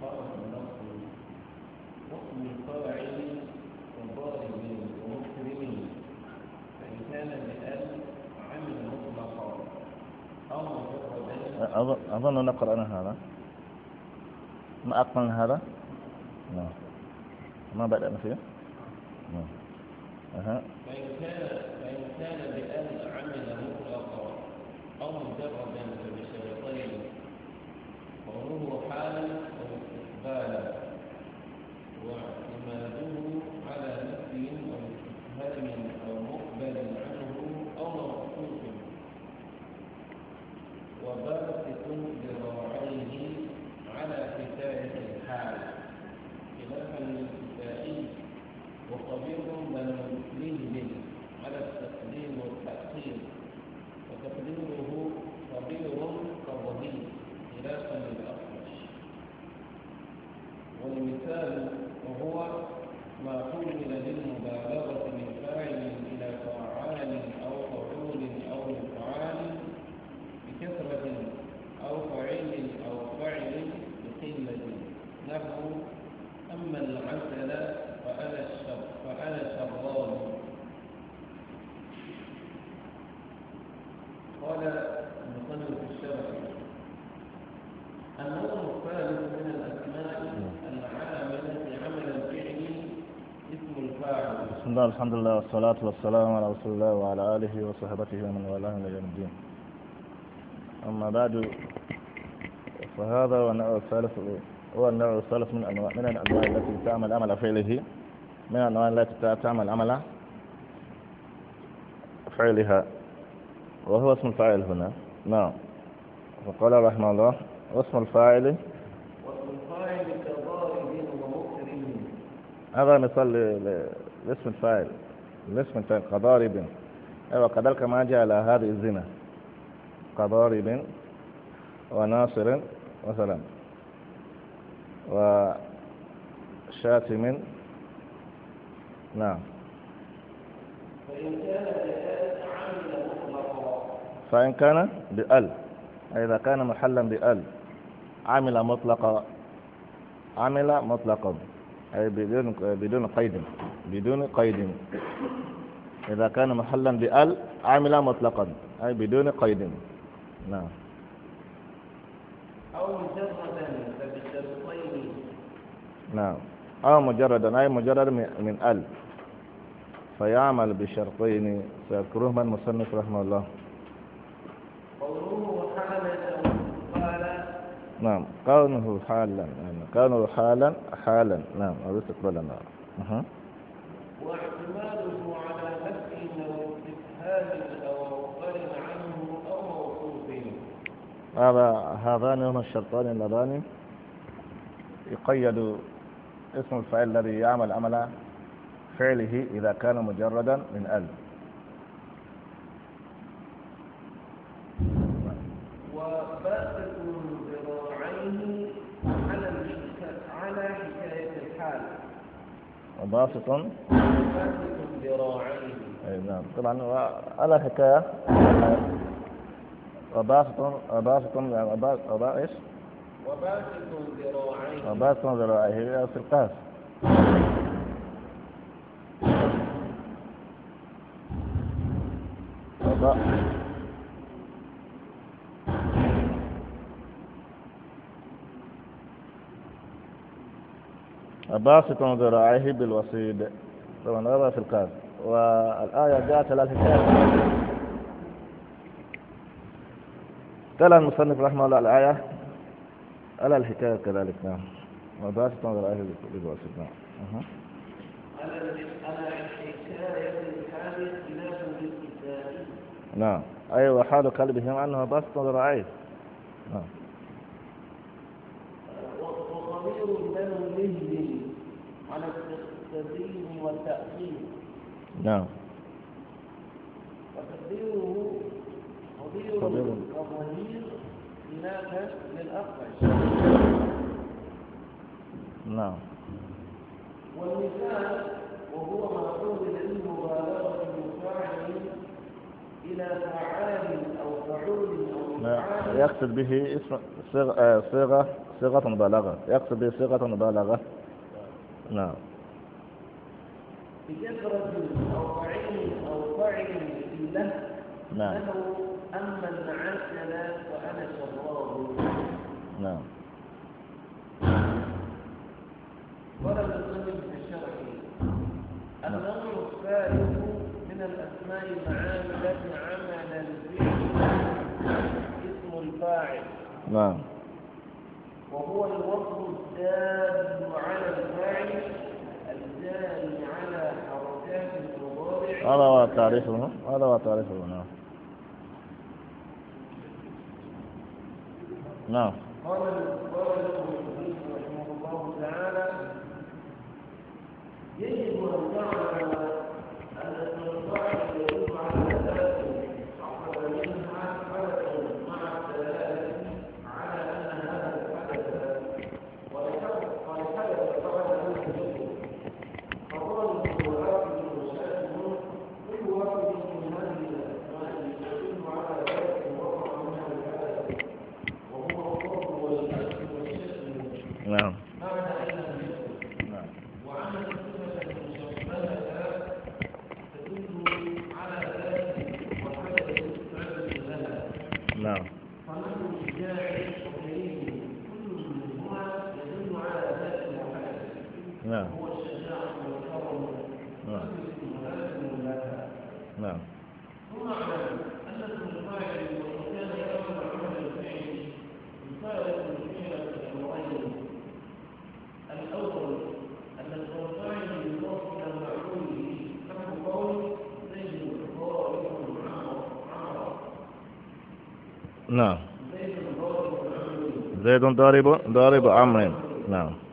خرج اللفظ واسم الفاعل وضارب ومكرم فإن كان بأل عمل مطلقا أو مجردا أظن أن قرأنا هذا ما أقمن هذا؟ نعم ما بدأنا فيه؟ نعم أها فإن كان فإن كان بأل عمل مطلقا أو مجردا الله الحمد لله والصلاة والسلام على رسول الله وعلى آله وصحبه ومن والاه إلى يوم الدين أما بعد فهذا هو النوع الثالث هو النوع الثالث من أنواع من الأنواع التي تعمل عمل فعله من الأنواع التي تعمل عمل فعلها وهو اسم الفاعل هنا نعم وقال رحمه الله واسم الفاعل واسم الفاعل كظاهر ومقترن هذا مثال الاسم الفاعل الاسم الفاعل قضارب أيوة كذلك ما جاء على هذه الزنا قضارب وناصر مثلا وشاتم نعم فإن كان بأل إذا كان محلا بأل عمل مطلقا عمل مطلقا بدون بدون قيد بدون قيد إذا كان محلا بأل عمل مطلقا أي بدون قيد نعم أو مجردا فبالشرطين نعم أو مجردا أي مجرد من أل فيعمل بشرطين سيذكرهما مصنف رحمه الله قوله حالا قال نعم قوله حالا كانوا حالا حالا نعم أو استقبالا نعم واحتماله على نفسه أو أو عنه أو موصوف هذا هذان هما الشرطان اللذان يقيد اسم الفعل الذي يعمل عمل فعله إذا كان مجردا من ألف باسط نعم طبعا على حكاية وباسط وباسط وباسط وباسط ذراعيه وباسط ذراعيه في القاف وباسط باسط ذراعيه بالوصيد طبعا هذا في القاف والآية جاءت على الحكاية تلا المصنف رحمه الله الآية على الحكاية كذلك نعم وباسط ذراعيه بالوصيد نعم على الحكاية الحالة خلاف بالكتاب نعم أيوة حال قلبهم أنه باسط ذراعيه نعم وخبير له به التدريب والتأخير نعم وتقديره مدير ومدير هناك للأخرج نعم والمثال وهو العلم للمبالغة المفاعل إلى فعال أو فعول أو فعال يقصد به اسم آه، صيغة صيغة مبالغة يقصد به صيغة مبالغة نعم بكثرة أو فعل أو فعل في له نعم أما العسل فأنا شراب نعم ولا في الشرعي نعم. النوع الثالث من الأسماء المعاملة عمل الفعل اسم الفاعل نعم وهو الوصف الدال على الفاعل هذا هو التعريف هذا هو التعريف هنا نعم. نعم قال الله تعالى يجب ان تعلم Nah. Zaidun daribu daribu amrin. Nah.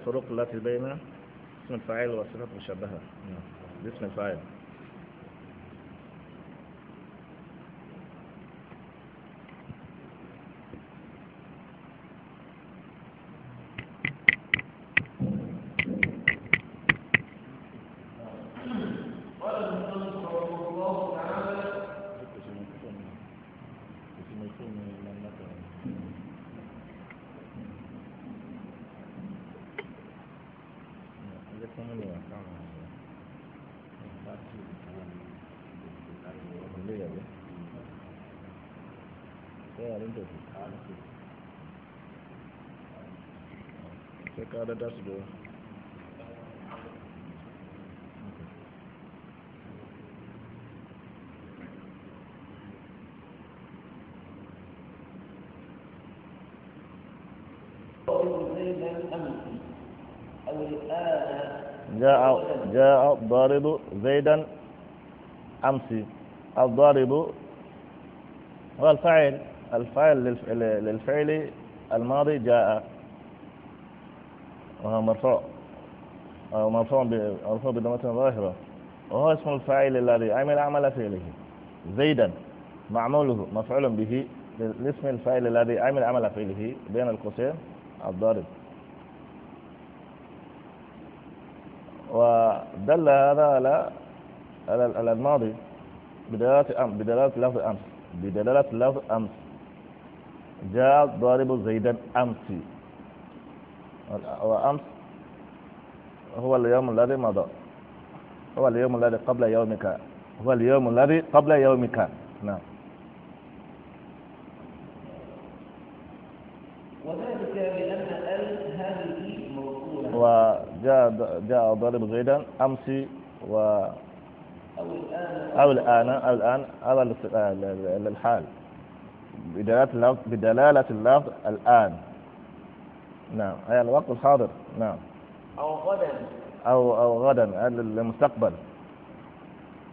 الفروق التي بين اسم الفاعل وصفات مشابهة نعم. باسم الفاعل ranar da su جاء جاء الضارب زيدا أمسي الضارب والفعل الفعل للفعل الماضي جاء وهو مرفوع أو مرفوع مرفوع بضمة ظاهرة وهو اسم الفاعل الذي عمل عمل فعله زيدا معموله مفعول به لاسم الفاعل الذي عمل عمل فعله بين القوسين الضارب ودل هذا على على الماضي بدلالة أمس بدلالة لفظ أمس بدلالة لفظ أمس جاء ضارب زيدا أمسي وأمس هو اليوم الذي مضى هو اليوم الذي قبل يومك هو اليوم الذي قبل يومك نعم وذلك لأن ال هذه موصولة وجاء جاء ضارب غدا أمس و أو الآن أو الآن أو الحال بدلالة اللفظ بدلالة اللفظ الآن نعم أي الوقت الحاضر نعم أو غدا أو أو غدا المستقبل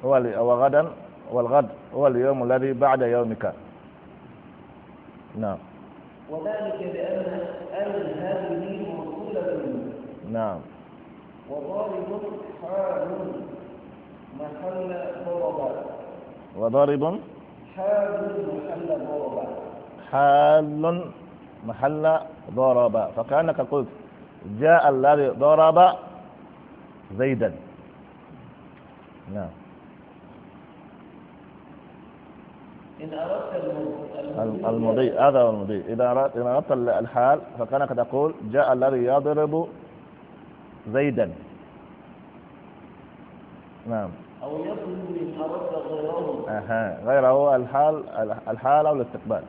هو أو غدا والغد هو اليوم الذي بعد يومك نعم وذلك بأن أن هذه موصولة نعم وضارب حال محل ضرب وضارب حال محل ضرب حال محل ضرب فكأنك قلت جاء الذي ضرب زيدا نعم إن أردت المضي, المضي. هذا هو المضي إذا أردت, إن أردت الحال فكأنك تقول جاء الذي يضرب زيدا نعم أو يضرب إن أردت غيره أها غيره الحال الحال أو الاستقبال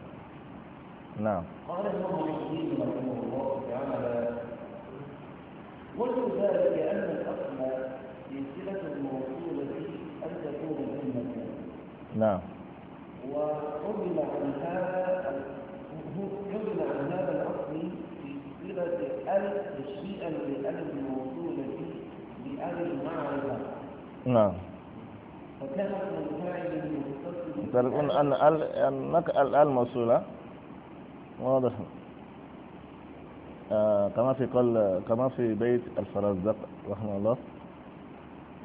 نعم قال ابن الدين رحمه الله تعالى وجه ذلك أن الأصل للصلة الموصولة أن تكون ذمة نعم وحمل عن هذا حمل عن هذا الأصل في صلة ألف تشريعا لألف الموصولة بألف معرفة نعم فكانت من فاعل متصل أن ال ان الآن موصولة واضح آه كما في قال كما في بيت الفرزدق رحمه الله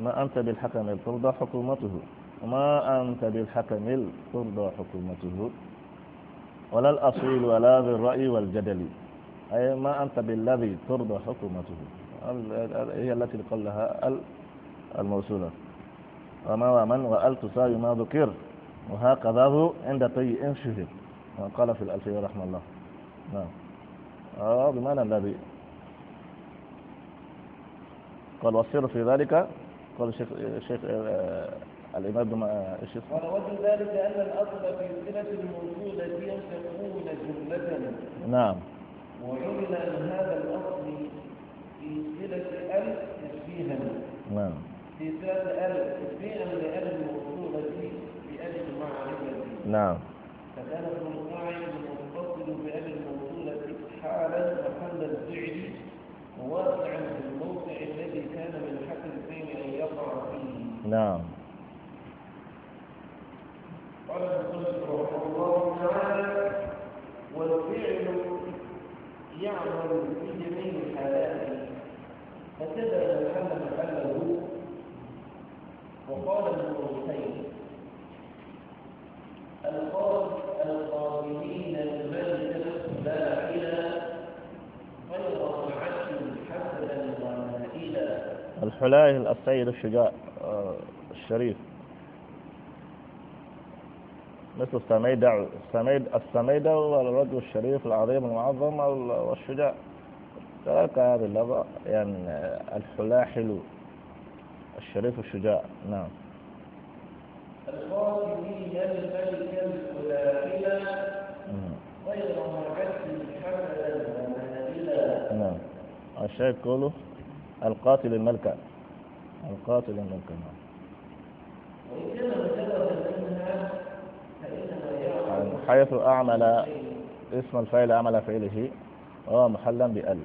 ما أنت بالحكم ترضى حكومته ما أنت بالحكم ترضى حكومته ولا الأصيل ولا ذي الرأي والجدل أي ما أنت بالذي ترضى حكومته هي التي قال لها الموصولة وما ومن وألت تساوي ما ذكر وهكذا عند طي إن شهر قال في الألفية رحمه الله نعم آه بمعنى الذي قال والسر في ذلك قال الشيخ الشيخ آه، الإمام بن الشيخ آه، وجه ذلك أن الأصل في الصلة الموجودة تكون جملة نعم وعمل أن هذا الأصل في صلة ألف تشبيها نعم في صلة ألف تشبيها لألف الموجودة بألف معرفة نعم فكانت يقول بأن الموصولة حالا وحمل الفعل واقعا في الموقع الذي كان من حق الفعل أن يقع فيه نعم قال المصنف رحمه الله تعالى والفعل يعمل في جميع الحالات فكذا لو كان محله وقال ابن القيم القادمين الحلاه السيد الشجاع آه، الشريف مثل السميدع السميد السميدع والرجل الشريف العظيم المعظم والشجاع كذلك هذه اللغة يعني الحلاحل الشريف الشجاع نعم الخاتمية الملكة غير نعم الشيخ كله القاتل الملكة القاتل الملكة نعم وإن كان مجردا منها فإنما يعمل حيث أعمل اسم الفاعل أعمل فعله وهو محلا بأل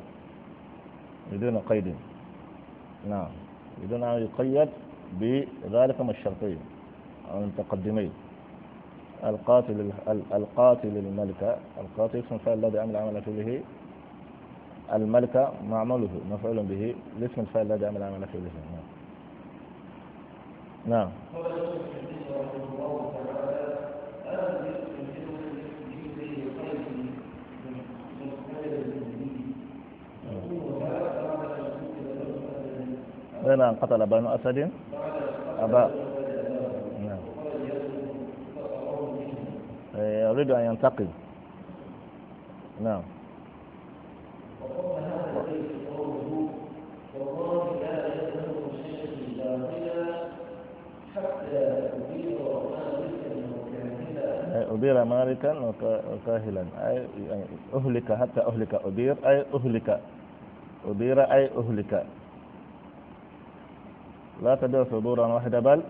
بدون قيد نعم بدون أن يقيد بذلك الشرطي أو المتقدمين القاتل القاتل الملكة القاتل اسم الفعل الذي عمل عملة به الملكة معمله مفعول به الاسم الفعل الذي عمل عملة به نعم نعم قتل بنو أسد أبا يريد أن ينتقم نعم أبير مالكا وكاهلا أي أهلك حتى أهلك أبير أي أهلك أبير أي أهلك لا تدع صدورا واحدة بل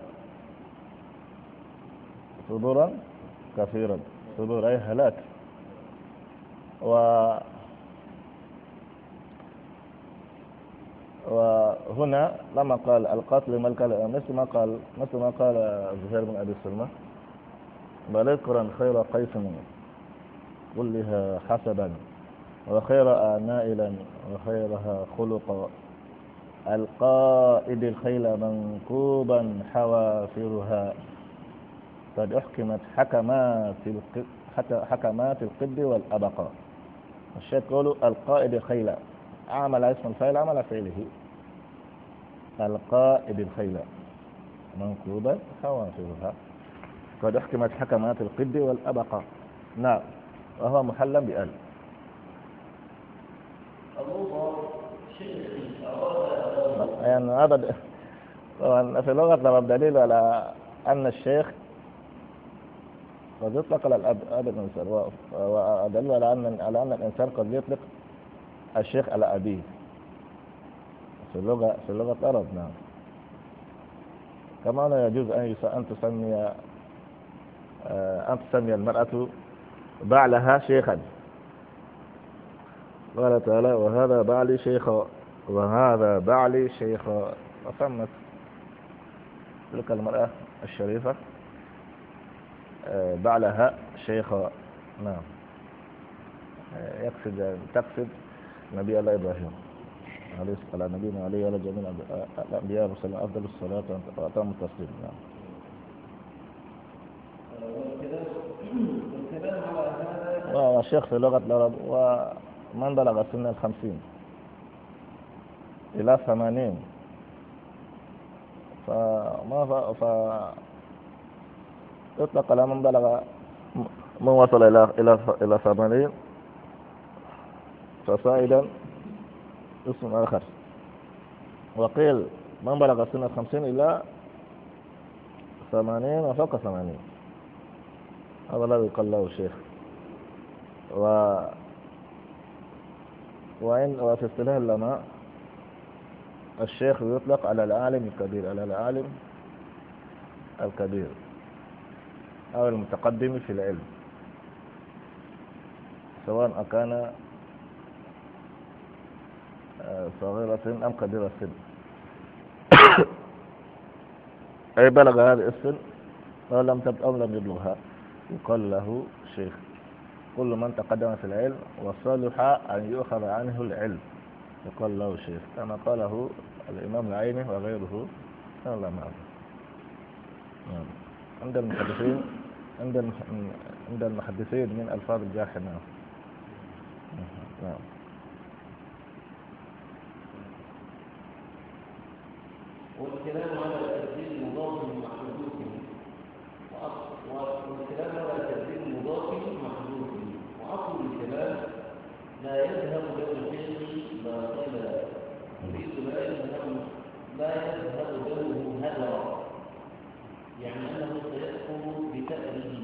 صدورا كثيرا صدور أي هلاك و وهنا لما قال القتل ملك مثل ما قال مثل ما قال زهير بن أبي سلمة بل اقرا خير قيس كلها حسبا وخير نائلا وخيرها خلقا القائد الخيل منكوبا حوافرها قد أحكمت حكمات القد حكمات القد والأبقاء الشيخ يقول القائد خيلا عمل اسم الفاعل عمل فعله القائد الخيلا منقوبة خوافرها قد أحكمت حكمات القد والأبقاء نعم وهو محل بأل يعني هذا طبعا في اللغة طبعا دليل على أن الشيخ قد يطلق على الأب أبدا ودل على أن على أن الإنسان قد يطلق الشيخ على أبيه في اللغة في اللغة العرب نعم كما لا يجوز أن أن تسمي آه، أن تسمي المرأة بعلها شيخا قال تعالى وهذا بعلي شيخا وهذا بعلي شيخا فسمت تلك المرأة الشريفة بعلها شيخ نعم يقصد تقصد نبي الله إبراهيم عليه الصلاة والسلام نبينا عليه وعلى جميع الأنبياء والمرسلين أفضل الصلاة وأتم التسليم نعم والشيخ في لغة العرب ومن بلغ سن الخمسين إلى ثمانين فما ف... يطلق على من بلغ من وصل إلى إلى إلى ثمانين فصاعدا اسم آخر وقيل من بلغ سن خمسين إلى ثمانين وفوق ثمانين هذا الذي قال له الشيخ و وإن وفي اصطلاح العلماء الشيخ يطلق على العالم الكبير على العالم الكبير أو المتقدم في العلم سواء أكان آه، صغيرة أم كبيرة السن أي بلغ هذا السن أو لم أو لم يبلغها يقال له شيخ كل من تقدم في العلم وصالح أن يؤخذ عنه العلم يقال له شيخ كما قاله الإمام العيني وغيره لا ما نعم. نعم. عند المحدثين عند عند المحدثين من ألفاظ الجرح نعم نعم والكلام على تبديل مضاف محدود والكلام على تبديل مضاف محدود وأصل الكلام لا يذهب له الفعل باطلا يريد لا يذهب لا يذهب له هدرا يعني أنه سيدخل بسأله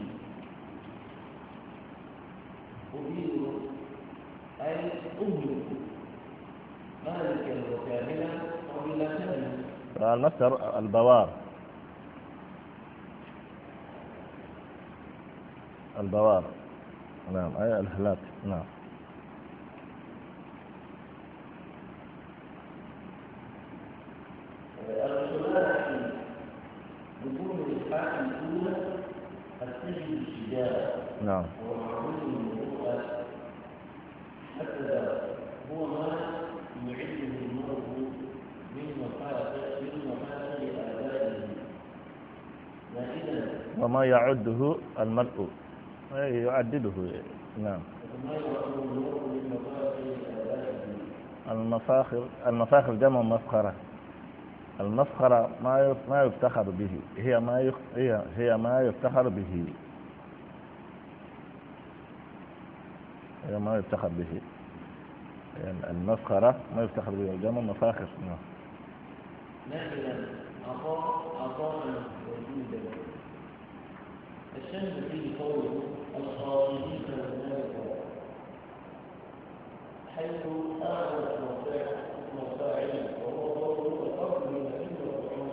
أي مالك البوار البوار نعم أي الهلاك نعم يعده المرء يعدده نعم المفاخر المفاخر جمع مفخرة المفخرة ما ما يفتخر به هي ما هي هي ما يفتخر به هي ما يفتخر به يعني المفخرة ما يفتخر به الجمع مفاخر نعم نعم أقام أقام وجوده الشمس في قوله الخالدين والنار حيث أعلى المفاعل وهو قوله الأرض من أكل وطعوم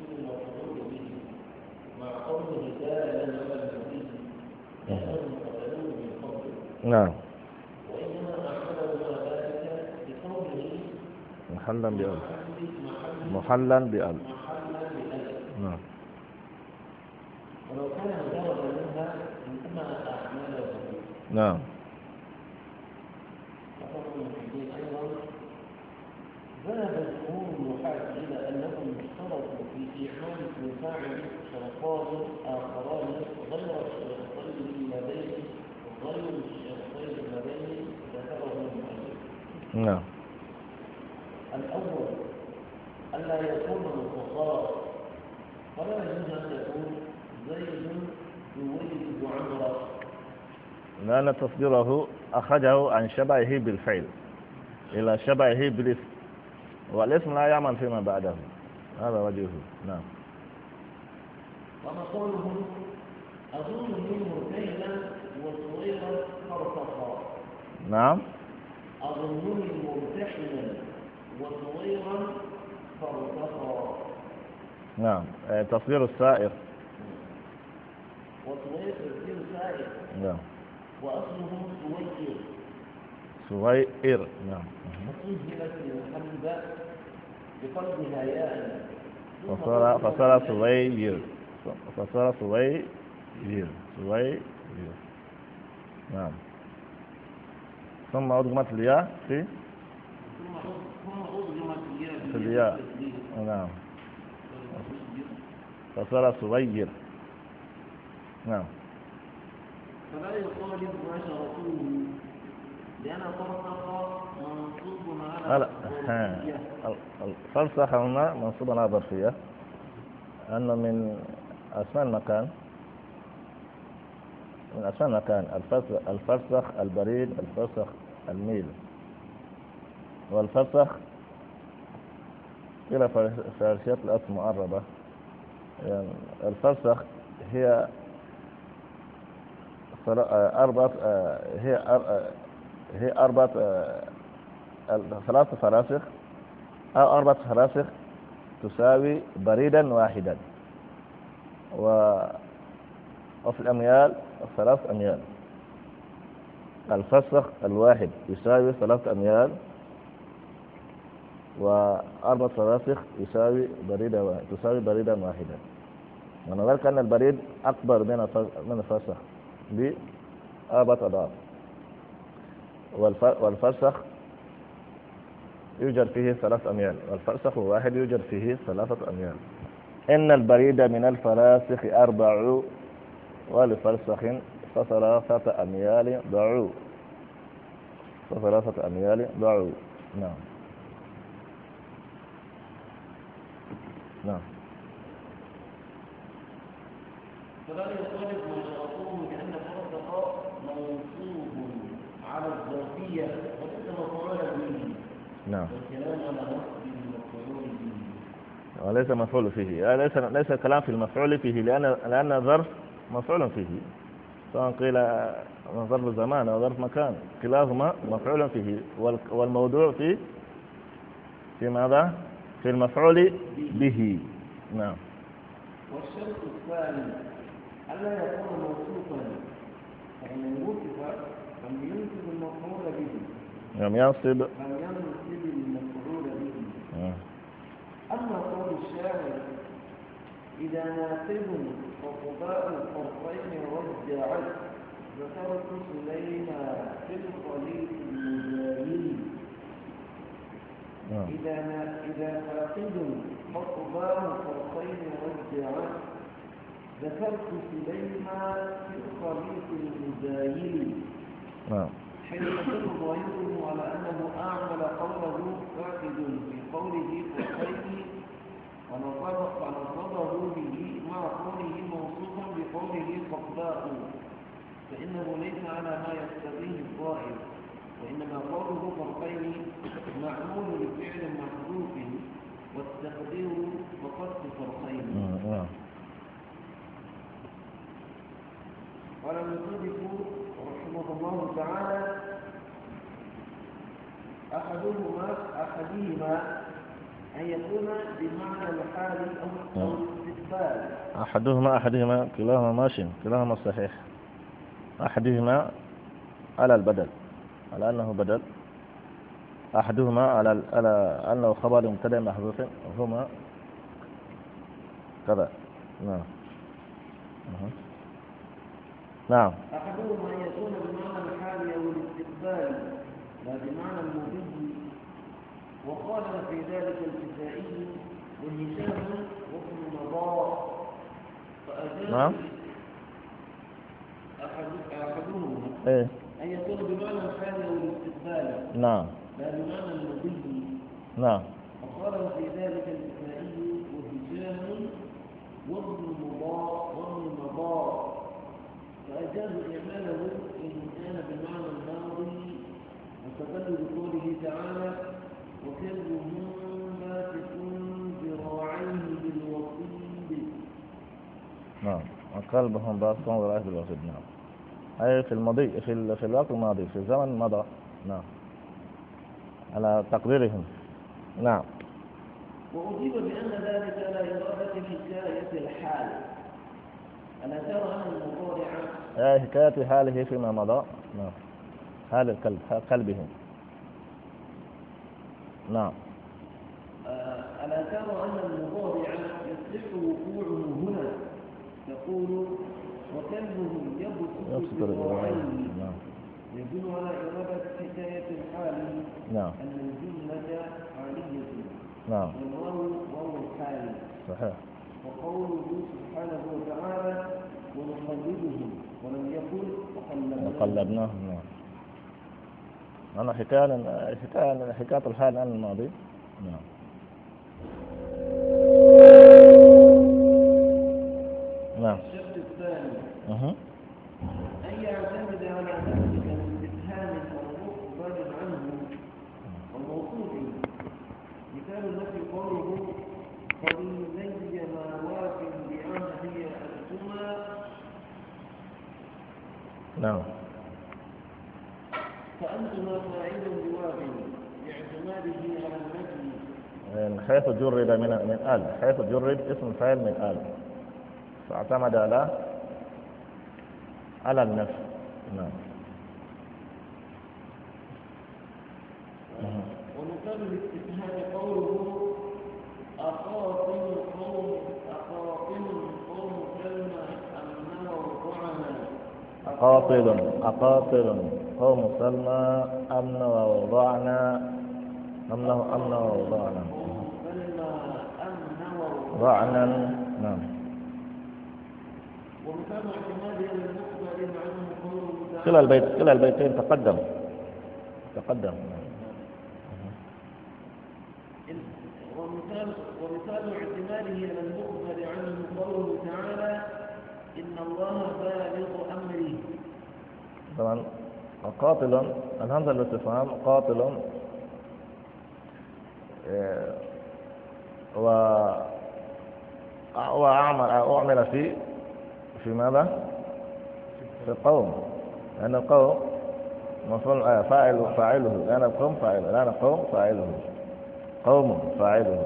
إذ المفعول به مع قوله تعالى لمن به لأنهم قتلوه من قبل نعم وإنما أعلم ذلك بقوله محلا بألف محلا بألف محلا بألف نعم ولو كان مجرد منها ثم أعماله نعم ذهب جمهور النحاة إلى أنهم اشترطوا في إعمال مفاعل شرطان آخران غير الشرطين اللذين غير الشرطين اللذين ذكرهم المؤلف. نعم. الأول ألا يكون الخسارة فلا يجوز أن يكون لأن تصديره أخرجه عن شبهه بالفعل إلى شبهه بالاسم والاسم لا يعمل فيما بعده هذا وجهه نعم وما قوله أظن منه كيلا وصغيرا فرصفا نعم أظنني مرتحلا وصغيرا فرصفا نعم آه، تصدير السائر وسويق بن سائر نعم وأصله سويق سوير نعم وسجلت الحمزة بقلبها ياء فصار فصار فصار سوير سوير نعم ثم أضغمت الياء في ثم أضغمت الياء في الياء نعم فصار صغير نعم فلا يخالف رسوله لأن فرسخ منصوب على فرسخ هنا منصوب على ظرفية أن من أسماء المكان من أسماء المكان الفرسخ, البريد الفرسخ الميل والفرسخ إلى فرسيات الأسماء المعربة يعني الفرسخ هي آه، أربعة آه، آه، هي أربعة ثلاثة فراسخ أو أربعة فراسخ تساوي بريدا واحدا و وفي الأميال ثلاث أميال الفسخ الواحد يساوي ثلاث أميال وأربع فراسخ يساوي بريدا واحد. تساوي بريدا واحدا ونظرك أن البريد أكبر من من الفسخ بآبة دار والفرسخ يوجد فيه ثلاث أميال والفرسخ واحد يوجد فيه ثلاثة أميال إن البريد من الفراسخ أربع ولفرسخ فثلاثة أميال ضعوا فثلاثة أميال ضعوا نعم نعم نعم وليس مفعول فيه آه، ليس ليس الكلام في المفعول فيه لأن لأن ظرف مفعول فيه سواء قيل آه، ظرف زمان أو ظرف مكان كلاهما مفعول فيه والموضوع في في ماذا؟ في المفعول به نعم والشرط الثاني ألا يكون موصوفا فإن وصف لم ينسب المفعول به لم ينصب لم ينصب المفعول به أما قول الشاعر إذا ناقب وقباء الحرفين رجعت ذكرت سليما في الخليط المجاهيل إذا إذا ناقب وقباء الحرفين رجعت ذكرت سليما في الخليط المجاهيل نعم حين يدل ظاهره على أنه أعمل قوله فاقد في قوله فقيه فنصبه به مع قوله موصوفا بقوله صفداء فإنه ليس على ما يقتضيه الظاهر وإنما قوله فرقين معمول لفعل محذوف والتقدير فقط فرقين قال المصدق رحمه الله تعالى أحدهما أحدهما أن يكون بمعنى الحال أو الاستقبال نعم. أحدهما أحدهما كلاهما ماشي كلاهما صحيح أحدهما على البدل على أنه بدل أحدهما على على أنه خبر مبتدأ محذوف هما كذا نعم نعم أحدهم أن يكون بمعنى الحال أو الاستقبال لا بمعنى المضي وقال في ذلك الكسائي وهشام وابن مضار فأجاب نعم أحدهم إيه؟ أن يكون بمعنى الحال أو الاستقبال نعم لا بمعنى المضي نعم وقال في ذلك الكسائي وهشام وابن مضار وابن مضار وأجاز إعماله إن كان بالمعنى الماضي واستدل بقوله تعالى وكلهم تكون ذراعيه بالوصيد نعم وقلبهم باسطون ذراعيه بالوصيد نعم أي في الماضي في, في الوقت الماضي في الزمن مضى نعم على تقديرهم نعم وأجيب بأن ذلك لا إرادة حكاية الحال ألا ترى أن حكاية حاله إيه فيما مضى نعم حال الكلب حال قلبه نعم آه، ألا ترى أن المضارع يصح وقوعه هنا يقول وكلبه يبسط ذراعيه نعم. يدل على عرابة حكاية الحال نعم أن الجملة عالية نعم وهو الحال صحيح وقوله سبحانه وتعالى ونقلبهم ولم يقل وقلبناهم نعم أنا حكاية حكاية حكاية الحال الآن الماضي نعم نعم الشرط الثاني أها نعم فأنتما فاعل جواب باعتماده على المجد يعني حيث جرد من من ال حيث جرد اسم فاعل من ال فاعتمد على على النفس نعم ونقل أقاطل أقاطل قوم سلمى أمن ووضعنا أمن أمن ووضعنا ضعنا نعم كلا البيت كلا البيتين تقدم تقدم ومثال ومثال اعتماده على المخبر عنه قوله تعالى إن الله بالغ أمره طبعا قاتلا الهمزة الاستفهام قاتلا آه، و وأعمل أعمل في في ماذا؟ في القوم لأن القوم مفعول آه، فاعل فاعله لأن القوم فاعله لأن القوم فاعله قوم فاعله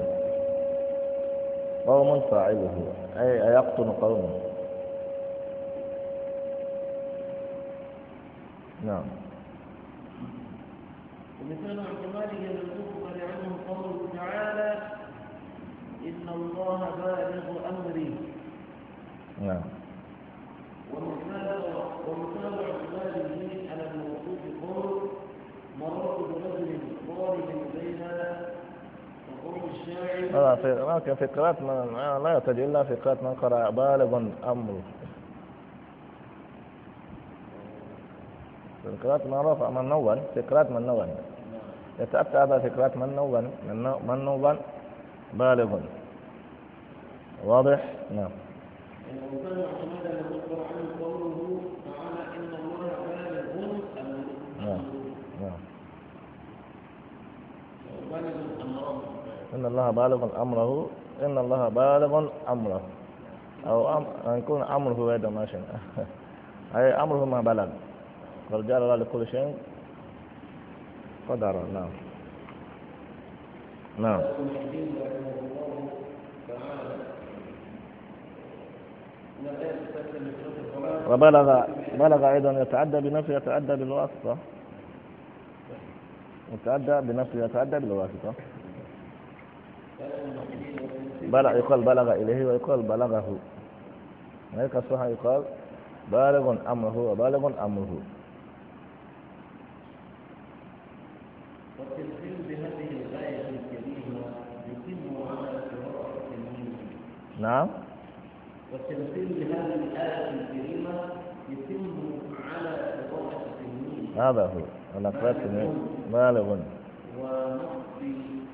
قوم فاعله أي يقطن قومه نعم ومثال احتماله المخبر عنه قوله تعالى إن الله بالغ امري نعم ومثال ومثال احتماله على الوقوف قول مررت برجل ظالم بين في ما في قراءة ما لا يعتد إلا في قراءة من قرأ بالغ أمره فكرات ما رفع من نون فكرات من نوان يتأتى هذا فكرات من نوان من نوان بالغ واضح نعم. نعم. نعم إن الله بالغ أمره إن الله بالغ أمره أو أم... أن يكون أمره هذا ما شئنا أي أمره ما بلغ قال جعل الله لكل شيء قدرا نعم نعم وبلغ بلغ أيضا يتعدى بنفسه يتعدى بالواسطة يتعدى بنفسه يتعدى بالواسطة بلغ يقال بلغ إليه ويقال بلغه هيك الصحة يقال بالغ أمره وبالغ أمره نعم والتمثيل بهذه الآية الكريمة يتم على إضافة هذا هو أنا قرأت بالغ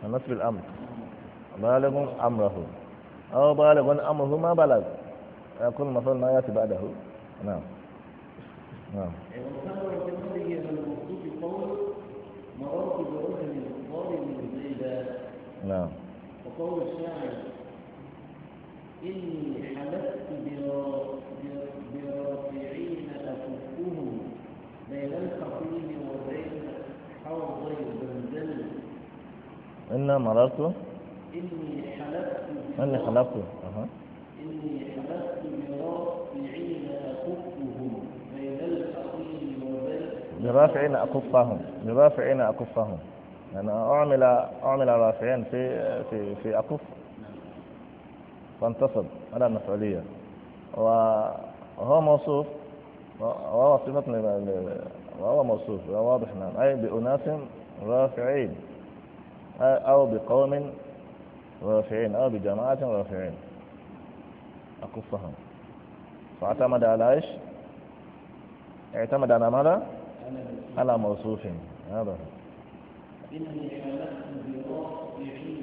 ونصب الأمر بالغ أمره أو بالغ أمره ما بلغ يكون مثل ما يأتي بعده نعم نعم مررت برجل ظالم زيدا نعم وقول الشاعر إني حلفت برافعين أكفهم بين الخطيب وبين حوضي زمزم إنا مررت إني حلفت إني حلفت أها إني حلفت برافعين أكفهم بين الخطيب وبين برافعين أكفهم برافعين أكفهم يعني أعمل أعمل رافعين في في في أكف فانتصب على المسؤولية وهو موصوف وهو صفة وهو موصوف وهو واضح نعم أي بأناس رافعين أو بقوم رافعين أو بجماعة رافعين أكفهم فاعتمد على إيش اعتمد على ماذا على موصوف هذا إنني عملت برافعين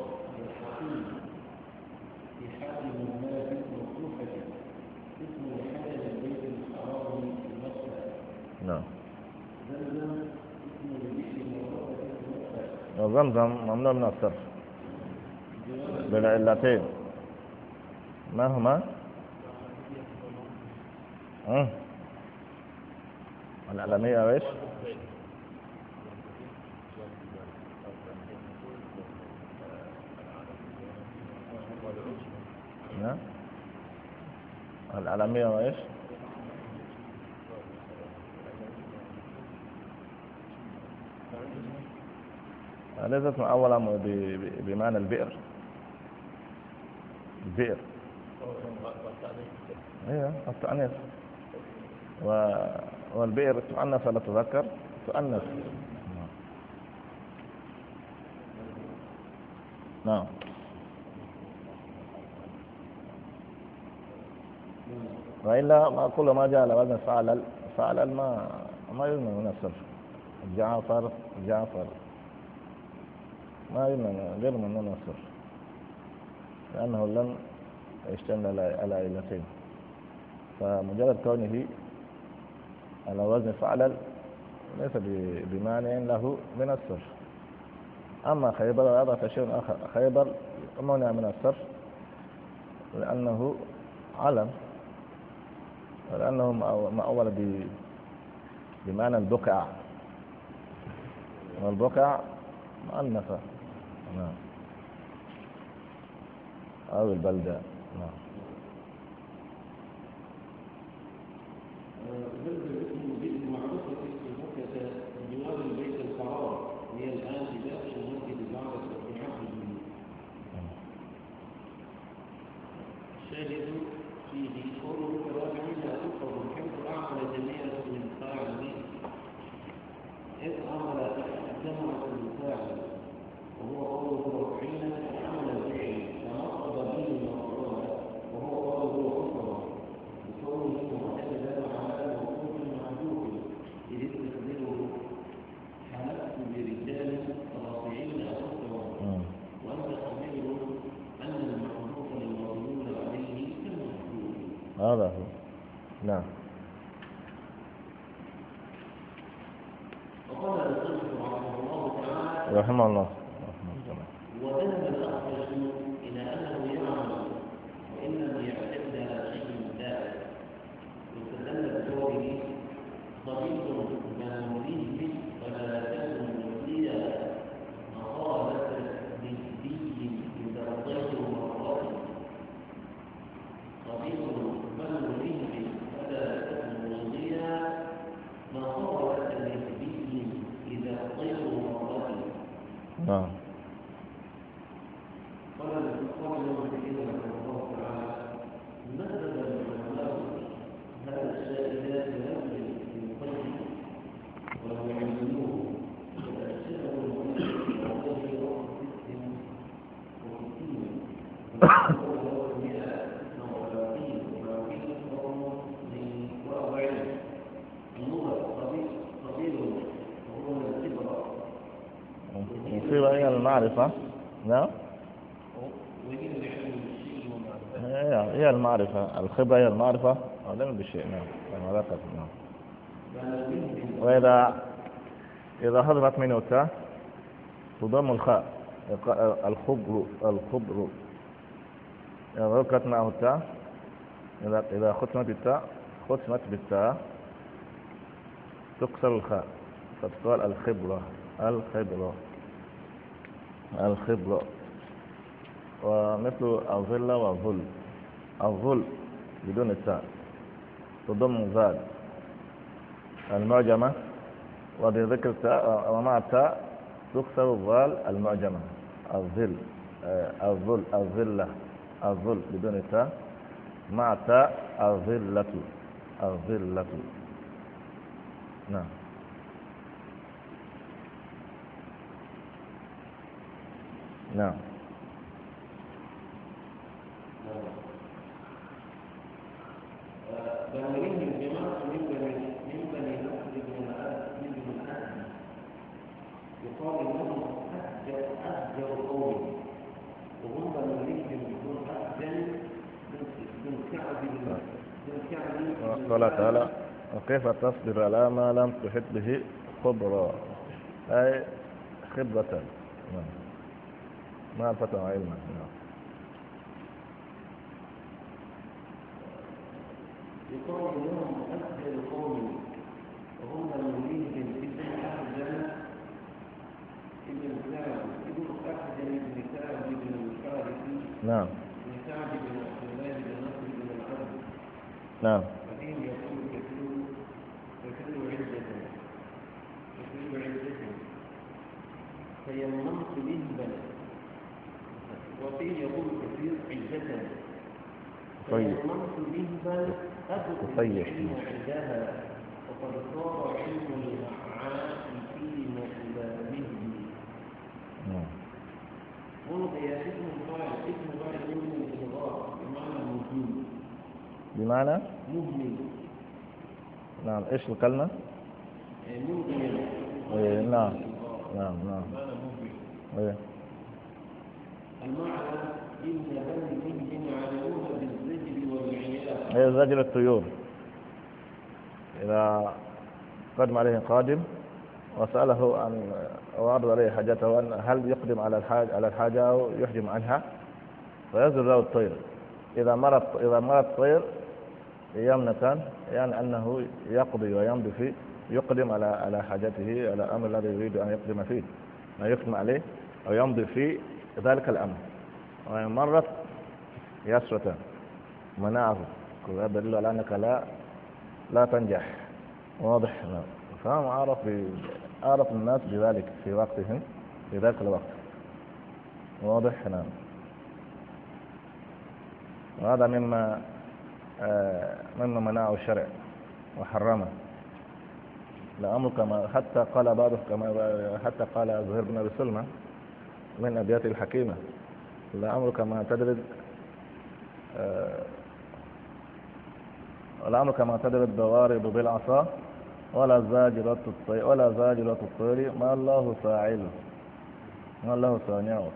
نعم وزمزم نعم، ممنوع من الصرف بالعلتين ما هما العلمية وإيش نعم. العلمية وإيش ليست أولا بمعنى البئر البئر ايوه التأنيث والبئر تؤنث لا تذكر تؤنث نعم وإلا ما كل ما جاء على وزن فعل فعل ما ما يزن من الصرف جعفر جعفر ما علمنا غير من نصر لأنه لم يشتمل على علتين فمجرد كونه على وزن فعل ليس بمانع له من الصرف أما خيبر هذا فشيء آخر خيبر منع من الصرف لأنه علم ولأنه مأول بمعنى البقع والبقع مؤنثة نعم أو البلدة نعم هي المعرفة الخبرة هي المعرفة أعلم آه، بشيء بالشيء نعم نعم وإذا إذا حضرت من التاء تضم الخاء الخبر الخبر إذا ركت معه التاء إذا إذا ختمت بالتاء ختمت بالتاء تكسر الخاء فتقال الخبرة الخبرة الخبرة ومثل الظل والظل الظلم بدون التاء تضم ذال المعجمة وبذكر التاء ومع التاء تكسر الظال المعجمة الظل آه، الظل الظلة الظل بدون التاء مع التاء الظلة الظلة نعم نعم فهذه الجماعة من بني من بني نصر بن من بن الأسد يقال لهم أسجر أسجر قومي وهم بنيهم بدون أسجر من كعب من كعب قال تعالى وكيف تصبر على ما لم تحط به خبرا أي خبرة نعم فتح علما نعم يقال لهم أسهل قومي وهم المريد ابن أحزن ابن كعب ابن أحزن ابن كعب ابن الحارث نعم ابن كعب بن عبد الله بن نصر بن العرب نعم وحين يقول كثير كثير عزة كثير عزة فينمط من بلد وقيل يقول كثير عدة طيب طيب وقد صار ألقي اسم اسم بمعنى مهمل بمعنى مهمل نعم ايش الكلمة؟ إيه، نعم نعم نعم بمعنى إيه. مهمل المعنى إن بني على هي زجر الطيور إذا قدم عليه قادم وسأله أن وعرض عليه حاجته أن هل يقدم على الحاجة على الحاجة أو يحجم عنها فيزجر له الطير إذا مرض إذا مرض الطير يمنة يعني أنه يقضي ويمضي في يقدم على على حاجته على الأمر الذي يريد أن يقدم فيه ما يقدم عليه أو يمضي في ذلك الأمر وإن مرت يسرة مناعه وهذا دليل على أنك لا لا تنجح واضح فهم أعرف أعرف الناس بذلك في وقتهم في ذاك الوقت واضح نعم وهذا مما آه، مما منعه الشرع وحرمه لأمر كما حتى قال بعضه كما حتى قال زهير بن أبي سلمة من أبياته الحكيمة لأمر كما تدرد آه، الأمر كما تدر الضوارب بالعصا ولا زاجرة الطير ولا زاجرة الطير ما الله فاعله ما الله صانعه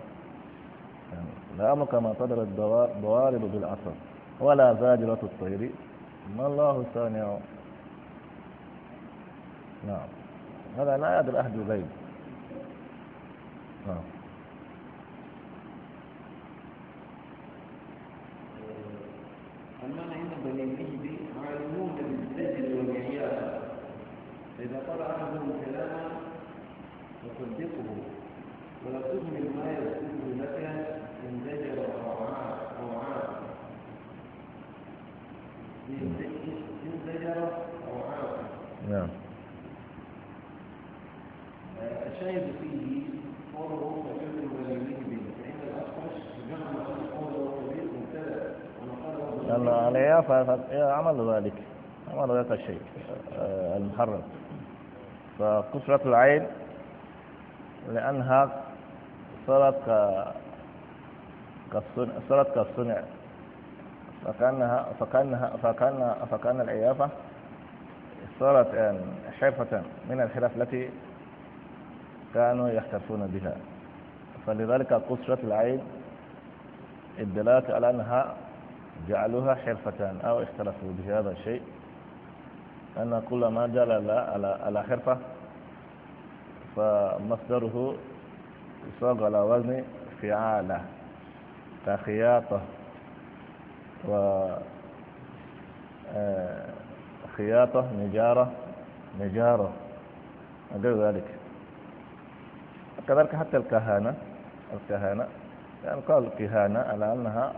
يعني الأمر كما اعتدل الضوارب بالعصا ولا زاجرة الطير ما الله صانعه نعم هذا لا يدري أحد الغيب نعم أما أه، قرأ لهم كلاما فصدقه ولا تهمل ما يذكره لك انزجر روعاك زجر انزجر عاد نعم الشاهد فيه قوله فكل الوالدين به فإن الأخرج جمع قوله كبير مبتدأ الله عليه فعمل ذلك عمل ذلك الشيء آه، المحرم فقصرة العين لأنها صارت كالصنع صارت كالصنع فكأنها فكأنها فكأن فكأن العيافة صارت حرفة من الحرف التي كانوا يحترفون بها فلذلك قصرة العين الدلالة على أنها جعلوها حرفة أو اختلفوا بهذا الشيء أن كل ما جلى على على حرفة فمصدره يصاغ على وزن فعالة كخياطة و آه، خياطة نجارة نجارة غير ذلك كذلك حتى الكهانة الكهانة يعني قال الكهانة على أنها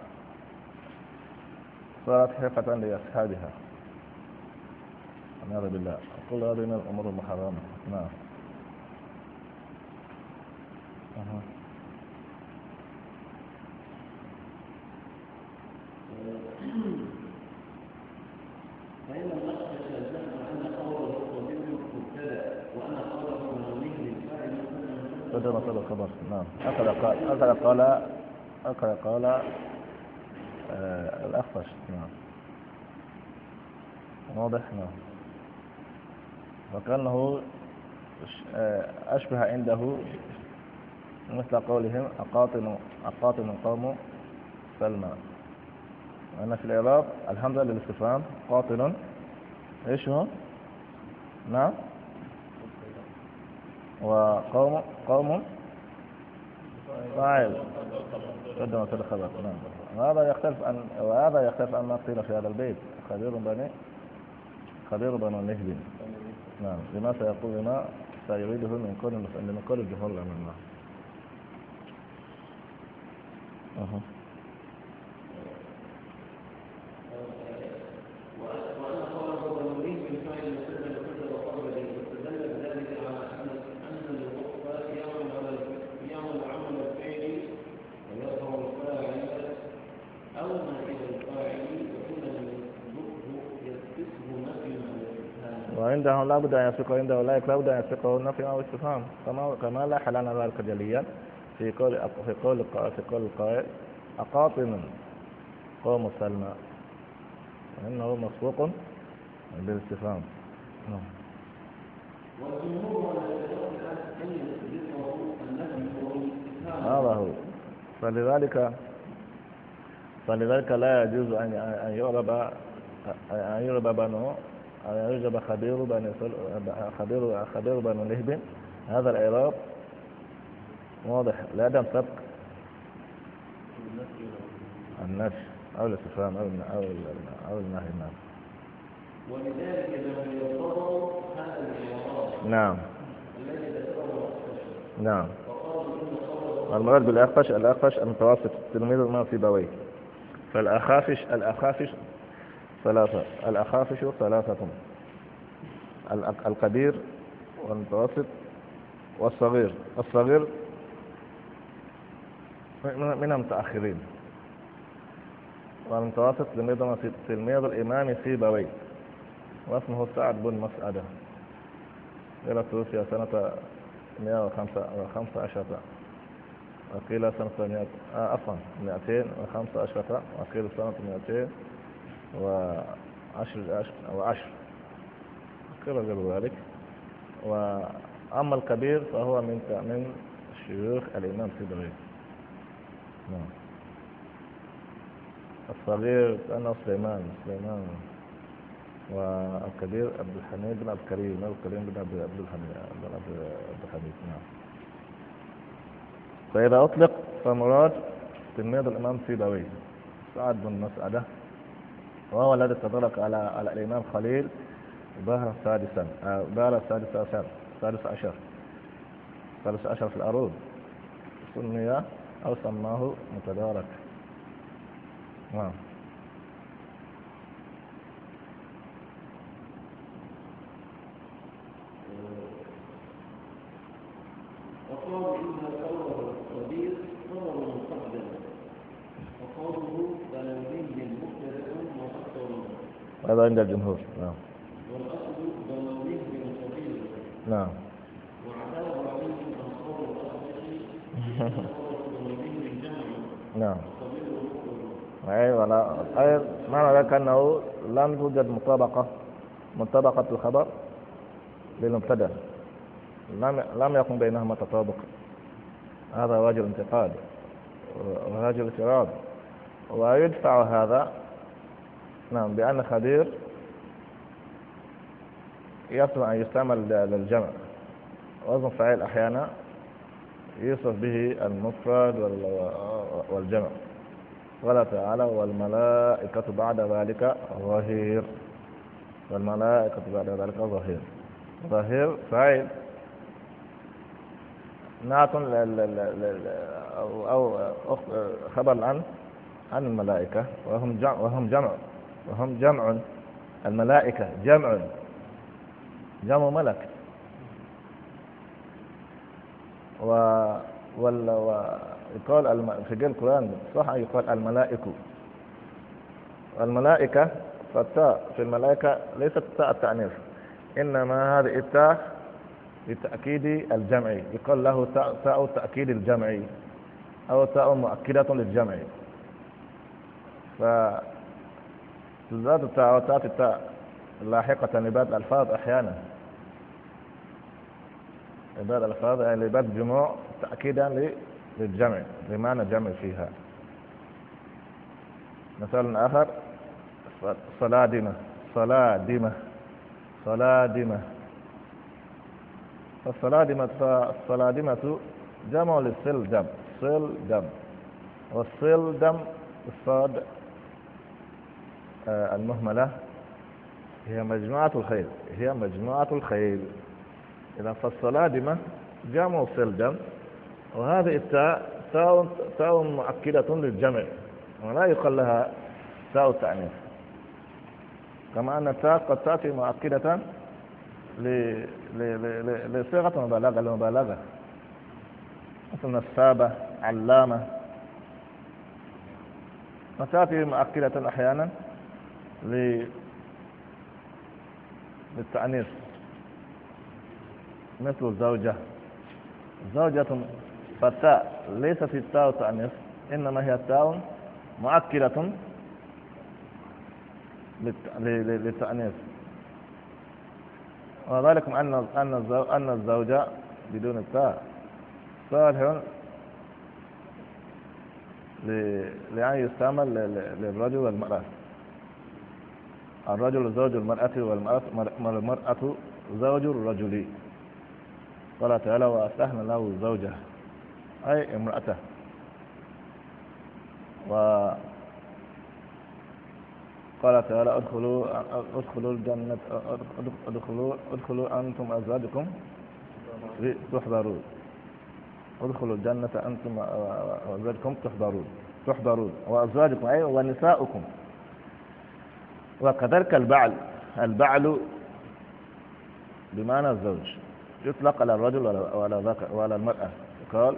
صارت حقة لأصحابها نعوذ بالله كل هذه من الأمور المحرمة نعم أه. فإن الله تلزمه أن قوله ومنه مبتدأ وأن قوله من للفاعل بدل نعم قال أكل قال أكل قال آه، الأخفش نعم واضح نعم وكأنه أشبه عنده مثل قولهم أقاطن أقاطن قوم سلمى أنا في العراق الحمد لله للاستفهام قاطن إيش هو؟ نعم وقوم قوم فاعل قدم في الخبر نعم وهذا يختلف عن وهذا يختلف عن ما قيل في هذا البيت خبير بني خبير بني نهب نعم لما سيقول لنا سيريده من كل من قول الجمهور العلماء أها لابد أن يسبق عند أولئك لابد أن يسبقه النفي أو استفهام كما كما لاح لنا ذلك جليا في قول في قول في قول القائل أقاطم قوم سلمى فانه مسبوق بالاستفهام نعم هذا هو فلذلك فلذلك لا يجوز أن يعرب أن يعرب بنو يوجب خبير بن خبير خبير بن يهبن هذا الإعراب واضح لعدم سبق النفي أو الاستفهام أو أو أو النهي نعم ولذلك لما يقرر هذا نعم الذي نعم المراد بالأخفش الأخفش المتوسط التلميذ ما في بويه فالأخافش الأخافش ثلاثة الأخافش ثلاثة القدير والمتوسط والصغير الصغير من المتأخرين والمتوسط تلميذ الإمام سيبوي واسمه سعد بن مسعدة إلى توفي سنة 115 وقيل سنة 200 آه، عفوا 215 وقيل سنة 200 وعشر عشر كل غير ذلك وأما الكبير فهو من من شيوخ الإمام سيدري نعم الصغير أنا سليمان سليمان والكبير عبد الحميد بن عبد الكريم عبد الكريم بن عبد الحميد بن عبد الحميد نعم فإذا أطلق فمراد تلميذ الإمام سيبويه سعد بن مسعدة وهو الذي تدرك على, على الإمام خليل ظهر سادسا آه، ظهر سادس عشر سادس عشر سادس عشر في الأرض سمي أو سماه متدارك نعم عند الجمهور نعم نعم نعم أيوة لا أي معنى ذلك أنه لم توجد مطابقة مطابقة الخبر للمبتدأ لم لم يكن بينهما تطابق هذا واجب انتقاد وواجب اعتراض ويدفع هذا نعم بأن خدير يصلح أن يستعمل للجمع وزن فعيل أحيانا يوصف به المفرد والجمع قال تعالى والملائكة بعد ذلك ظهير والملائكة بعد ذلك ظهير ظهير فعيل نعت أو خبر عن عن الملائكة وهم جمع وهم جمع وهم جمع الملائكة جمع جمع ملك و وال ويقال الم... في القرآن صح يقال الملائكة الملائكة فالتاء في الملائكة ليست تاء التأنيث إنما هذه التاء لتأكيد الجمع يقال له تاء تاء تأكيد الجمع أو تاء مؤكدة للجمع ف تزداد التاء وتأتي التاء لاحقة لبعض الألفاظ أحيانا لبعض الألفاظ يعني لبعض جموع تأكيدا للجمع لمعنى جمع فيها مثال آخر صلادمة صلادمة صلادمة فالصلادمة الصلادمة جمع دم دم والصل دم الصاد آه، المهملة هي مجموعة الخيل هي مجموعة الخيل إذا فالصلادمة جمع سلجم وهذه التاء تاء تاء مؤكدة للجمع ولا يقال لها تاء التأنيث كما أن التاء قد تأتي مؤكدة لصيغة مبالغة لمبالغة مثل نسابة علامة وتأتي مؤكدة أحيانا للتعنيف مثل الزوجة زوجة فالتاء ليس في التاء تعنيف إنما هي التاء مؤكدة للتعنيف وذلك أن أن أن الزوجة بدون التاء صالح لأن يستعمل للرجل والمرأة الرجل زوج المرأة والمرأة زوج الرجل قال تعالى وأسلحنا له زوجه أي امرأة و قال تعالى ادخلوا ادخلوا الجنة ادخلوا ادخلوا أنتم أزواجكم تحضرون ادخلوا الجنة أنتم وأزواجكم تحضرون تحضرون وأزواجكم أي ونساؤكم وكذلك البعل البعل بمعنى الزوج يطلق على الرجل ولا ذكر ولا المرأة قال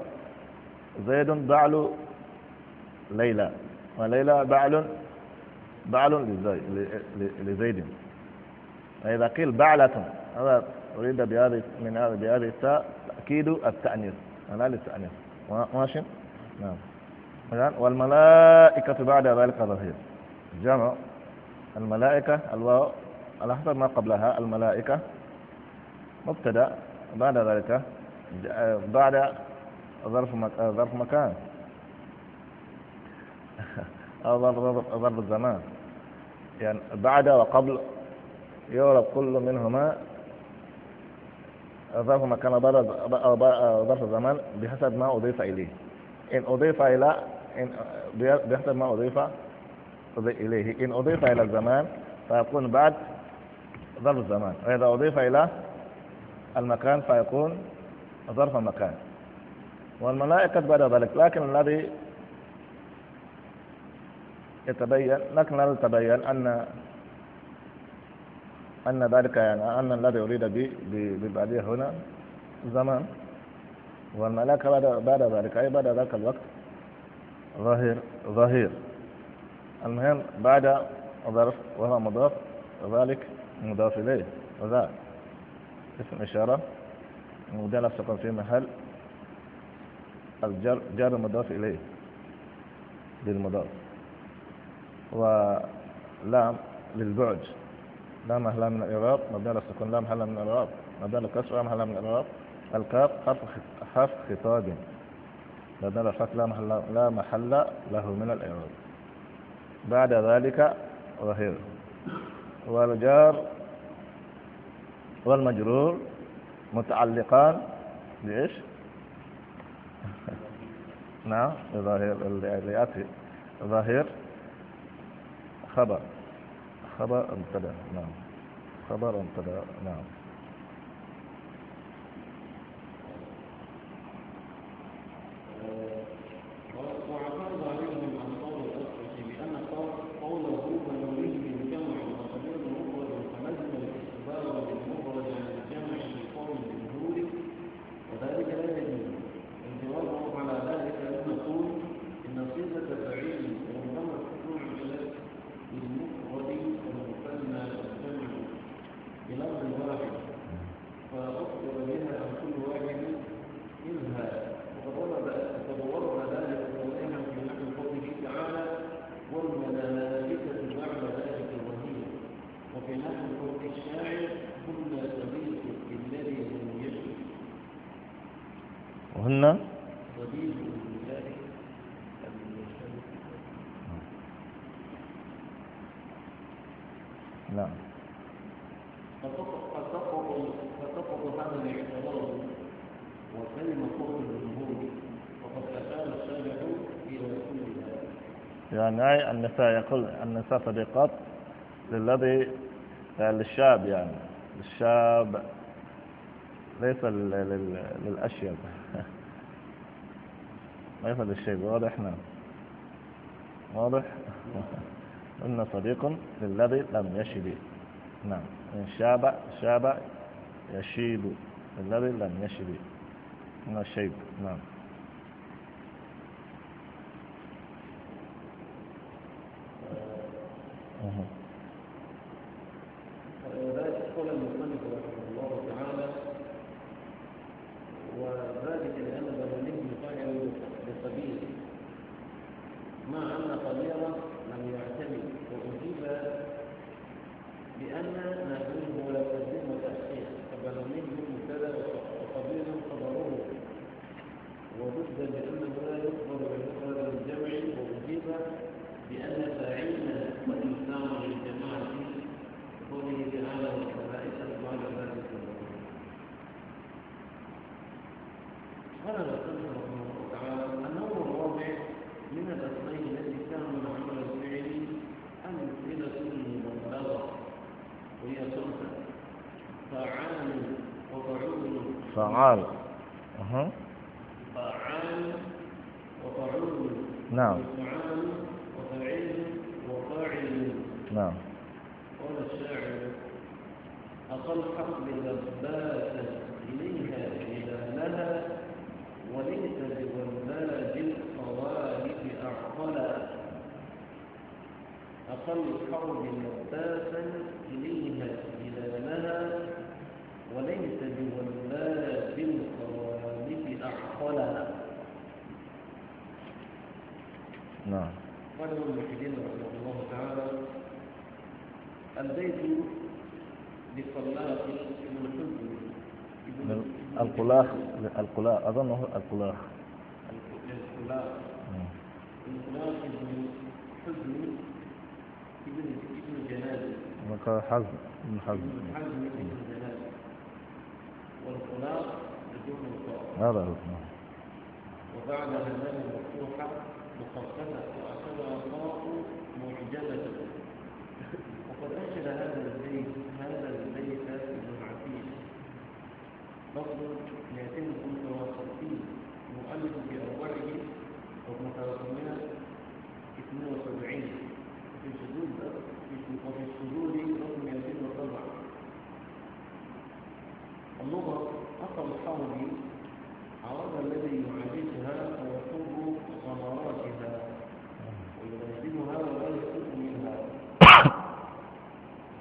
زيد بعل ليلى وليلى بعل بعل لزيد فإذا قيل بعلة هذا أريد بهذه من هذا بهذه التاء تأكيد التأنيث أنا للتأنيث ماشي نعم والملائكة بعد ذلك ظهير جمع الملائكة الواو على حسب ما قبلها الملائكة مبتدا بعد ذلك بعد ظرف ظرف مكان أو ظرف الزمان يعني بعد وقبل يعرف كل منهما ظرف مكان أو ظرف زمان بحسب ما أضيف إليه إن أضيف إلى إن بحسب ما أضيف إليه إن أضيف إلى الزمان فيكون بعد ظرف الزمان وإذا أضيف إلى المكان فيكون ظرف المكان والملائكة بعد ذلك لكن الذي يتبين لكن الذي يتبين أن أن ذلك يعني أن الذي أريد بالبعدية هنا زمان والملائكة بعد ذلك أي بعد ذلك الوقت ظهير ظهير المهم بعد ظرف وهو مضاف وذلك مضاف إليه وذا اسم إشارة وده سكن في محل الجر جار مضاف إليه للمضاف ولام للبعد لا محل من الإعراب مبني سكن السكون لا محل من الإعراب مبني كسر الكسر لا محل من الإعراب الكاف حرف حرف خطاب مبني فك لا محل لا محل له من الإعراب بعد ذلك ظهير والجار والمجرور متعلقان بإيش نعم ظاهر يأتي ظاهر خبر خبر امتدى نعم خبر امتدى نعم آه، الجامعي النساء يقول النساء صديقات للذي للشاب يعني للشاب ليس للأشيب ليس للشيب واضح نعم واضح إن صديق للذي لم يشب نعم إن شاب شاب يشيب الذي لم يشب إن الشيب نعم Mm-hmm. نعم قال الشاعر أقل حق باللباسة إليها إذا لها وليس بولاج الصوالب أعقلا أقل أطلحت باللباسة إليها إذا لها وليس بولاج الصوالب أعقلا نعم قال ابن رحمه الله تعالى البيت لصلاة ابن حزم القلاخ القلاخ أظنه القلاخ القلاخ القلاخ ابن حزم ابن ابن جنازة وقال حزم ابن حزم ابن حزم ابن جنازة والقلاخ بدون وقاء هذا هو وبعد هذه المفتوحة مخففة وأخذها الله معجزة وأجل هذا البيت هذا البيت ابن عتيق لفظ يتم متواصل مؤلف في أوله أو تراكمنا 72 في الشذوذ وفي الشذوذ رقم طبع اللغة أقل الحوضي عرض الذي يعالجها هو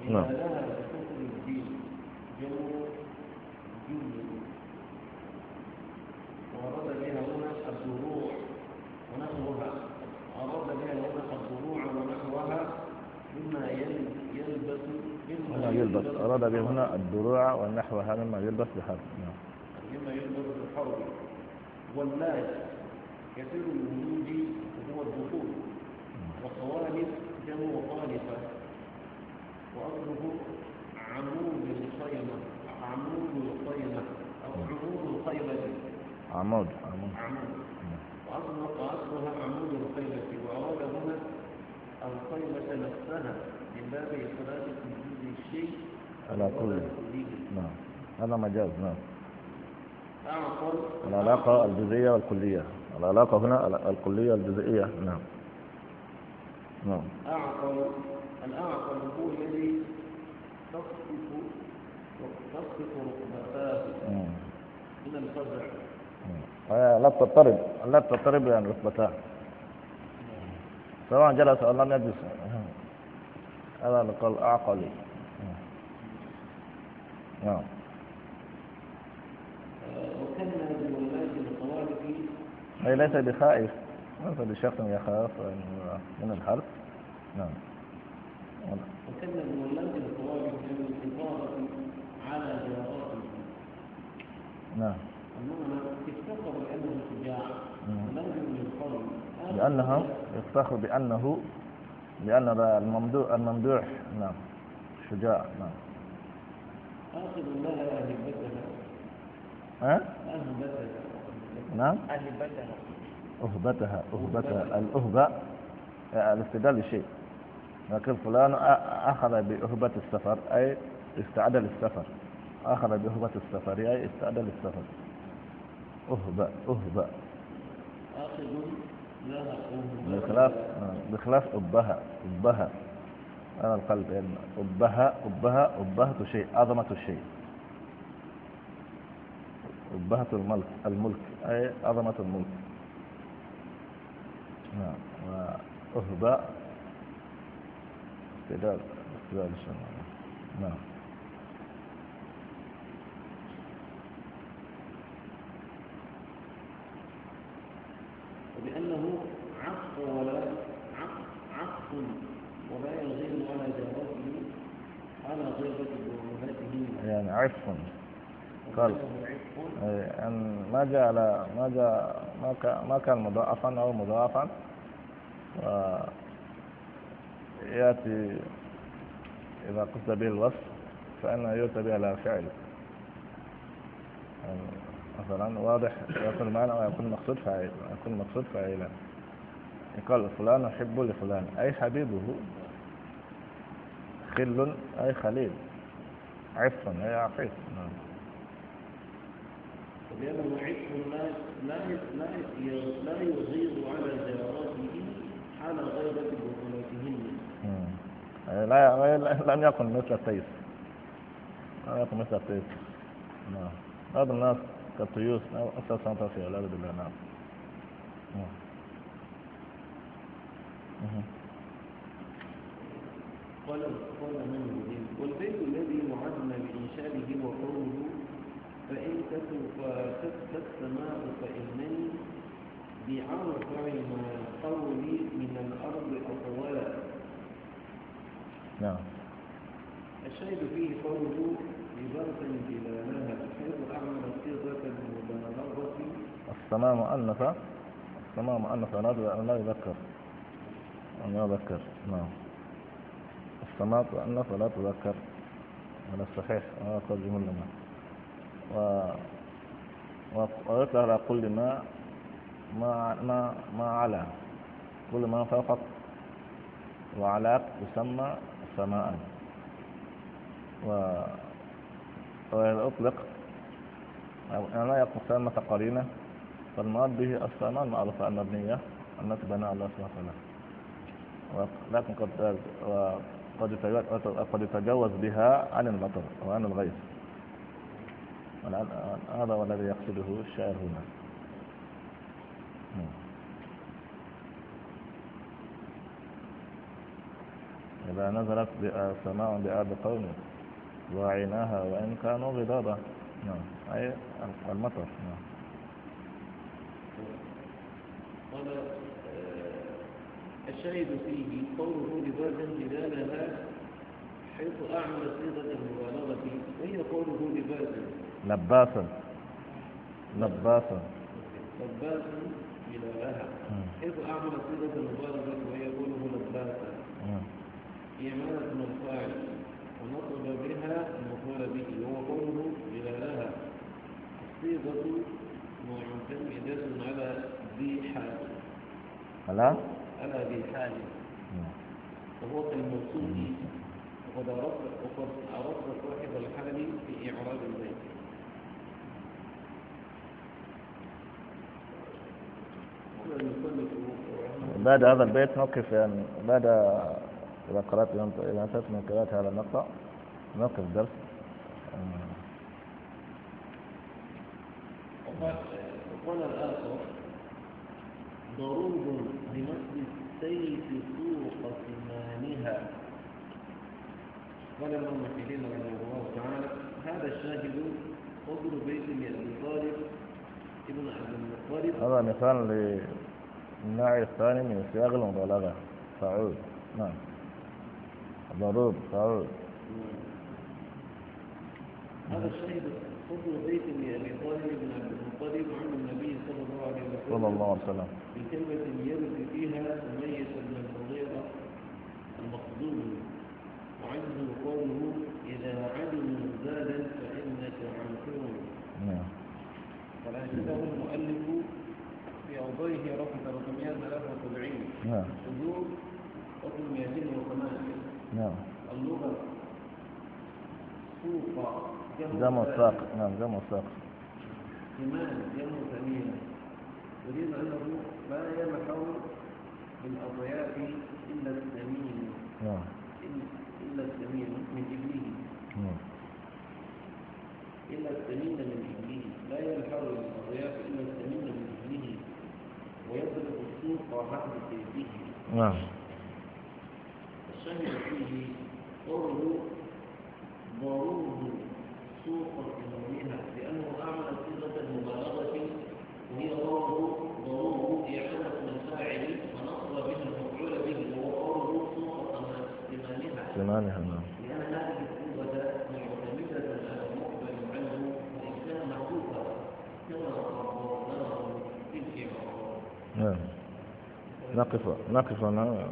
نعم بها هنا ونحوها أراد بها هنا الدروع ونحوها مما يلبس يلبس أراد بها هنا الدروع ونحوها مما يلبس بحرب نعم مما يلبس بحرب والناج كثير الوجود هو الدخول نعم. والخوالف جمع خالفة وأصله عمود الخيمة عمود الخيمة أو عمود الخيمة عمود عمود وأصلها عمود الخيمة وأراد هنا الخيمة نفسها من باب إخراج وجود الشيء على كل نعم هذا مجاز نعم العلاقة الجزئية والكلية العلاقة هنا الكلية الجزئية نعم نعم أعقل الأعظم هو الذي تصف تصف ركبتاه من الفزع آه، لا تضطرب لا تضطرب يعني ركبتاه سواء جلس أو لم يجلس هذا نقول اعقلي نعم آه، وكنا بالولاية الخوارج أي ليس بخائف ليس بشخص يخاف من الحرب نعم على نعم لأنه يفتخر بأنه لأن الممدوح الممدوح نعم شجاع نعم آخذ لها هبتها ها؟ أهبتها نعم أهبتها أهبتها الأهبة آه، الاستدلال للشيء لكن فلان أخذ بأهبة السفر أي استعد للسفر أخذ بأهبة السفر أي استعد للسفر أهبة أهبة بخلاف نعم، بخلاف أبها أبها أنا القلب يعني أبها أبها أبهة شيء عظمة الشيء أبهة الملك الملك أي عظمة الملك نعم وأهبة استدلال استدلال الشرع نعم لأنه عقد ولا عقد ولا يغير ولا جارته على غيبة ومهته يعني عفو قال إيه، أن ما جاء على ما جاء ما كان مضاعفا أو مضاعفا يأتي إذا قصد به الوصف فإنه يؤتى به على فعل يعني مثلا واضح يكون معنى ويكون مقصود فعيل يكون مقصود فعيلا يقال فلان أحب لفلان أي حبيبه خل أي خليل عف أي عفيف نعم لأنه عف لا لا لا على جاراته حال غيبة لا لم يكن مثل السيف لم يكن مثل السيف نعم بعض الناس كالطيوس اساسا سنة في علاج بالله نعم, نعم. قال قال من والبيت الذي وعدنا بإنشائه وقوله فإن تكفت السماء فإنني بعرض ما قولي من الأرض أطوالا نعم الشاهد فيه قوله بظرف بلا نهب حيث أعمل صيغة المبالغة السماء مؤنثة السماء مؤنثة لا يذكر لا أذكر نعم السماء مؤنثة لا تذكر هذا صحيح هذا قول جمهور العلماء و ويطلق على كل ما ما ما ما على كل ما فقط وعلاق يسمى سماء و ويطلق لا يطلق سامة قرينة فالمراد به السماء المعروفة المبنية التي بناها الله سبحانه وتعالى ولكن قد قد يتجاوز بها عن المطر وعن الغيث هذا هو الذي يقصده الشاعر هنا إذا نزلت سماء بأرض قوم وعيناها وإن كانوا غضابا نعم أي المطر نعم قال آه، الشاهد فيه قوله لبابا جلالها حيث أعمل صيغة المبالغة وهي قوله لبابا لباسا لباسا لباسا جلالها لها حيث أعمل صيغة المبالغة وهي قوله لباسا هي إمالة الفاعل ونطلب بها المفعول به وهو قوله بلالها الصيغة معتمدة على ذي حال على على ذي حال نعم. وهو كالموصول وقد عرفت وقد عرفت صاحب الحال في إعراب البيت بعد هذا البيت نقف يعني بعد إذا قرأت إذا أنتهت من قراءة هذا المقطع نوقف الدرس وقال الآخر ضروب بمثل السيف سوق ثمانها قال ابن المحيلين رحمه الله تعالى هذا الشاهد قدر بيت ابي طالب ابن عبد المطلب هذا مثال للنوع الثاني من صياغ المبالغة فعود نعم ضروري ضروري هذا الشيء فضل بيت لأبي طالب بن عبد المطلب عن النبي صلى الله عليه وسلم صلى الله عليه وسلم بكلمة يرد فيها سمية بن الفضيلة المخزومي وعنده قوله إذا علموا زادا فإنك عنكم نعم فالأجزاء المؤلف في أوضيه رقم 373 نعم حدود رقم 208 نعم اللغة سوق جمع ساق نعم جمع ساق إيمان جمع ثمينة يريد أنه ما يمحو من أضياف إلا الثمين نعم إلا الثمين من إبليه نعم إلا الثمين من إبليه لا يمحو من أضياف إلا الثمين من إبليه ويضرب السوق حسب سيفه نعم يشتمل فيه قوله ضروره سوق لغيرها لأنه أعمل صيغة المبالغة وهي ضروره ضروره إعادة الفاعل ونصب بها المفعول به وهو قوله سوق لغيرها نعم لأن هذه معتمدة عنه وإن كان كما في نعم نقف نقف أنا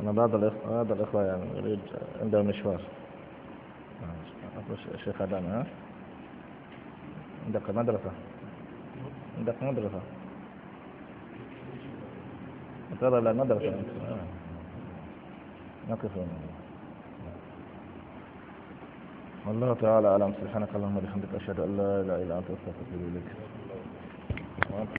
أنا بعض الإخوة, بعض الإخوة يعني يريد عنده مشوار الشيخ هذا ها عندك مدرسة عندك مدرسة ترى لا مدرسة نقف هنا والله تعالى أعلم سبحانك اللهم وبحمدك أشهد أن لا إله إلا أنت أستغفرك وأتوب إليك